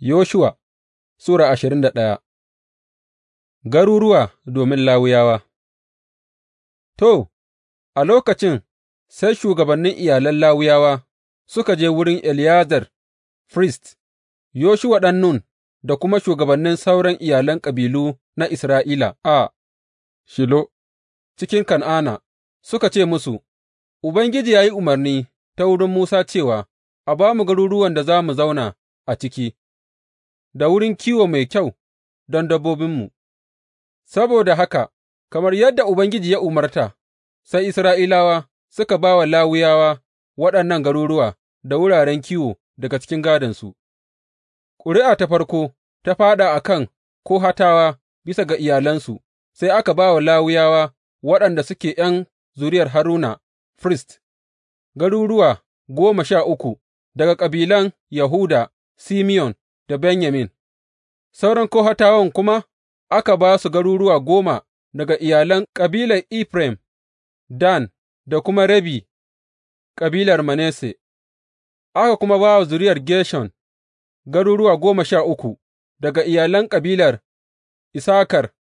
Yoshuwa Sura ashirin da ɗaya Garuruwa domin lawuyawa. To, a lokacin sai shugabannin iyalan lawuyawa suka je wurin Eliyazar, frist Yoshuwa ɗan Nun da kuma shugabannin sauran iyalan kabilu na Isra'ila a Shilo cikin Kan'ana, suka ce musu, Ubangiji ya yi umarni ta wurin Musa cewa, A ba mu garuruwan da za mu zauna a ciki. da wurin kiwo mai kyau don dabbobinmu, saboda haka, kamar yadda Ubangiji ya umarta, sai Isra'ilawa suka ba wa Lawiyawa waɗannan garuruwa da wuraren kiwo daga cikin gādonsu. Ƙuri'a ta farko ta fāɗa a kan ko hatawa bisa ga iyalansu, sai aka ba wa Lawiyawa waɗanda suke ’yan zuriyar Haruna, firist, garuruwa goma sha uku daga kabilan Yahuda, Simeon. da Benyamin, sauran Kohatawan kuma aka ba su garuruwa goma daga iyalan kabilar Efraim, Dan da kuma rabi kabilar Manasse, aka kuma ba wa zuriyar Gershon garuruwa goma sha uku daga iyalan kabilar Isakar,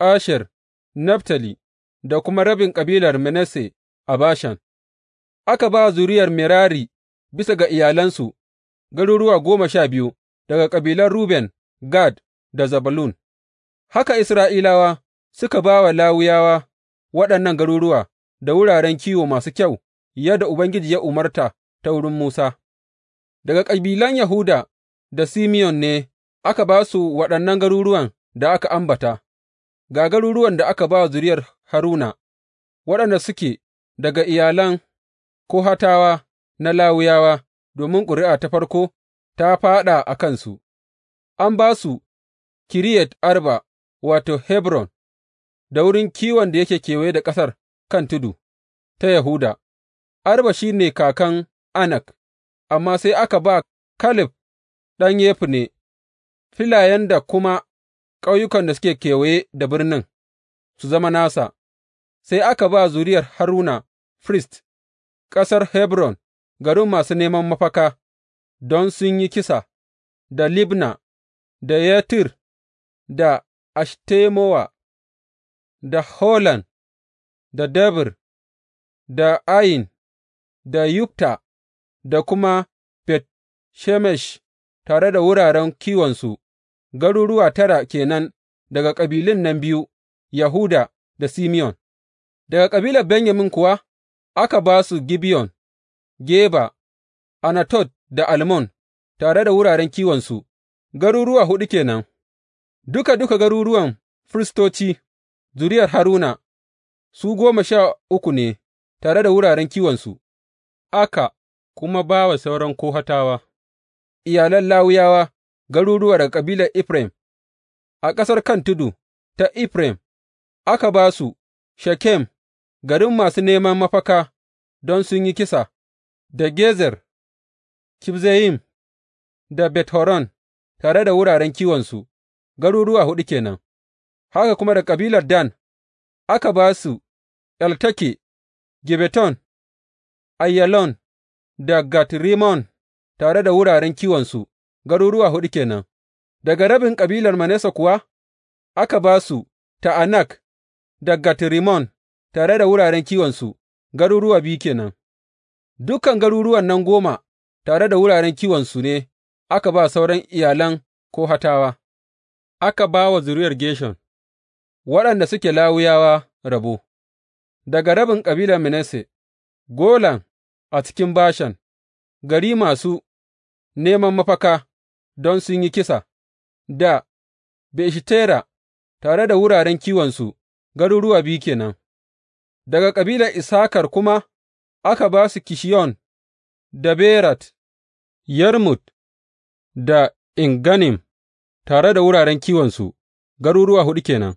Asher, Naftali da kuma rabin kabilar Manasse a Bashan, aka ba zuriyar Merari bisa ga iyalansu garuruwa goma sha biyu. daga kabilan Ruben, Gad da Zabalun, Haka Isra'ilawa suka ba wa Lawiyawa waɗannan garuruwa da wuraren kiwo masu kyau, yadda Ubangiji ya umarta ta wurin Musa. Daga kabilan Yahuda da Simeon ne aka ba su waɗannan garuruwan da aka ambata, ga garuruwan da aka ba wa zuriyar Haruna, waɗanda suke daga iyalan Kohatawa na Lawiyawa domin ƙuri'a ta farko ta fāɗa a kansu, an ba su Kiriyat Arba, wato, Hebron, da wurin kiwon da yake kewaye da ƙasar kan tudu ta Yahuda, Arba shi ne kakan Anak, amma sai aka ba Kaleb ɗan ne filayen da kuma ƙauyukan da suke kewaye da birnin su zama nasa, sai aka ba zuriyar Haruna, firist, ƙasar Hebron, garin masu neman mafaka. don sun yi kisa da Libna, da yatir da Ashtemowa da Holan da Debir, da Ayin, da yukta da kuma Bet Shemesh tare da wuraren kiwonsu, garuruwa tara kenan daga kabilun nan biyu, Yahuda da Simeon. Daga kabilar Benyamin kuwa aka ba su Gibeon, Geba, Anatot. da Almon, tare da wuraren kiwonsu, garuruwa huɗu ke nan, duka duka garuruwan firistoci, zuriyar Haruna, su goma sha uku ne, tare da wuraren kiwonsu, aka kuma ba wa sauran Kohatawa, iyalan lawuyawa garuruwa daga kabilar Efraim, a ƙasar kan tudu ta Efraim, aka ba su Shekem, garin masu neman mafaka don sun yi kisa, da Gezer. Kibzayim da Bet Horon tare da wuraren kiwonsu, garuruwa huɗu ke nan, haka kuma da kabilar Dan aka ba su Elteke, Gibbeton, Ayalon da Gat tare da wuraren kiwonsu, garuruwa huɗu ke nan, daga rabin kabilar Manasse kuwa aka ba su Ta'anak da Gat tare da wuraren kiwonsu, garuruwa biyu ke nan, dukan garuruwan nan goma. tare da wuraren kiwonsu ne aka ba sauran iyalan Kohatawa, aka ba wa zuriyar Geshon, waɗanda suke Lawiyawa rabo, daga rabin kabilar Manasse, Golan a cikin Bashan, gari masu neman mafaka don sun yi kisa, da Beshtera tare da wuraren kiwonsu, garuruwa biyu kenan. Daga kabilar Isakar kuma aka ba su Kishiyon da Berat. Yarmut da En Gannim, tare da wuraren kiwonsu, garuruwa huɗu kenan.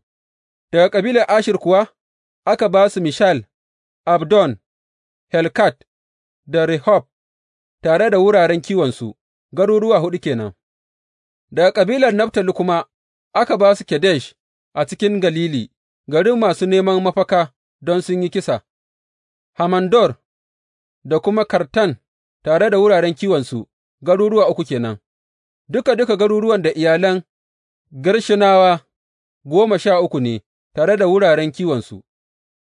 daga kabilar Ashir kuwa aka ba su Mishal, Abdon, Helkat da Rehob, tare da wuraren kiwonsu, garuruwa huɗu kenan. daga kabilar Naftali kuma aka ba su Kedesh a cikin Galili, garin masu neman mafaka don sun yi kisa, Hamandor da kuma Kartan, tare da wuraren kiwonsu. garuruwa uku ke nan, duka duka garuruwan da iyalan Gershonawa goma sha uku ne tare da wuraren kiwonsu,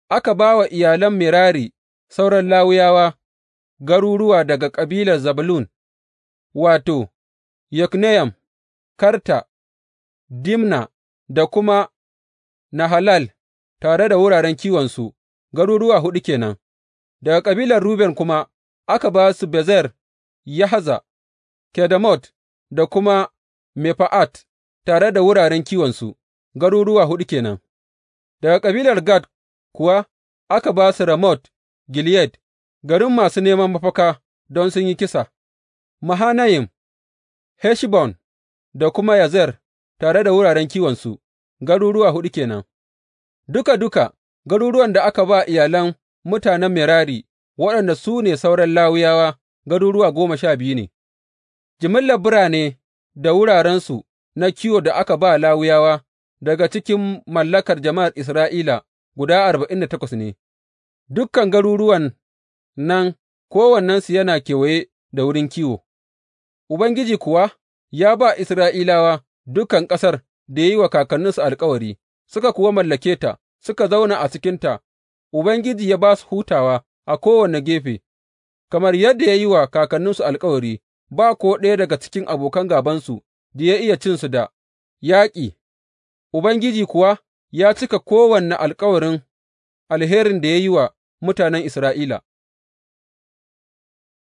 aka ba wa iyalan Merari sauran Lawiyawa garuruwa daga kabilar Zabulun, wato, Yokneyam, Karta, Dimna da kuma Nahalal, tare da wuraren kiwonsu, garuruwa huɗu kenan. daga kabilar Ruben kuma aka ba su Bezer, yahaza Kedemot da kuma Mefa'at, tare da wuraren kiwonsu, garuruwa huɗu ke nan, daga kabilar Gad kuwa aka ba su Ramot Gileyad, garin masu neman mafaka don sun yi kisa, Mahanayim, Heshbon da kuma Yazer, tare da wuraren kiwonsu, garuruwa huɗu ke nan, duka duka garuruwan da aka ba iyalan mutanen Merari, waɗanda su ne sauran Lawiyawa, garuruwa goma sha biyu ne. Jimillar birane da wurarensu na kiwo da aka ba Lawiyawa daga cikin mallakar jama'ar Isra'ila guda arba'in da takwas ne, dukan garuruwan nan kowannensu yana kewaye da wurin kiwo, Ubangiji kuwa ya ba Isra'ilawa dukan ƙasar da ya yi wa kakanninsu alkawari, suka kuwa mallake ta, suka zauna a cikinta, Ubangiji ya ba su hutawa a kowane gefe, kamar yadda ya yi wa kakanninsu alkawari. ba ko ɗaya daga cikin abokan gābansu da ya iya cinsu da yaƙi, Ubangiji kuwa ya cika kowane alkawarin alherin da ya yi wa mutanen Isra'ila.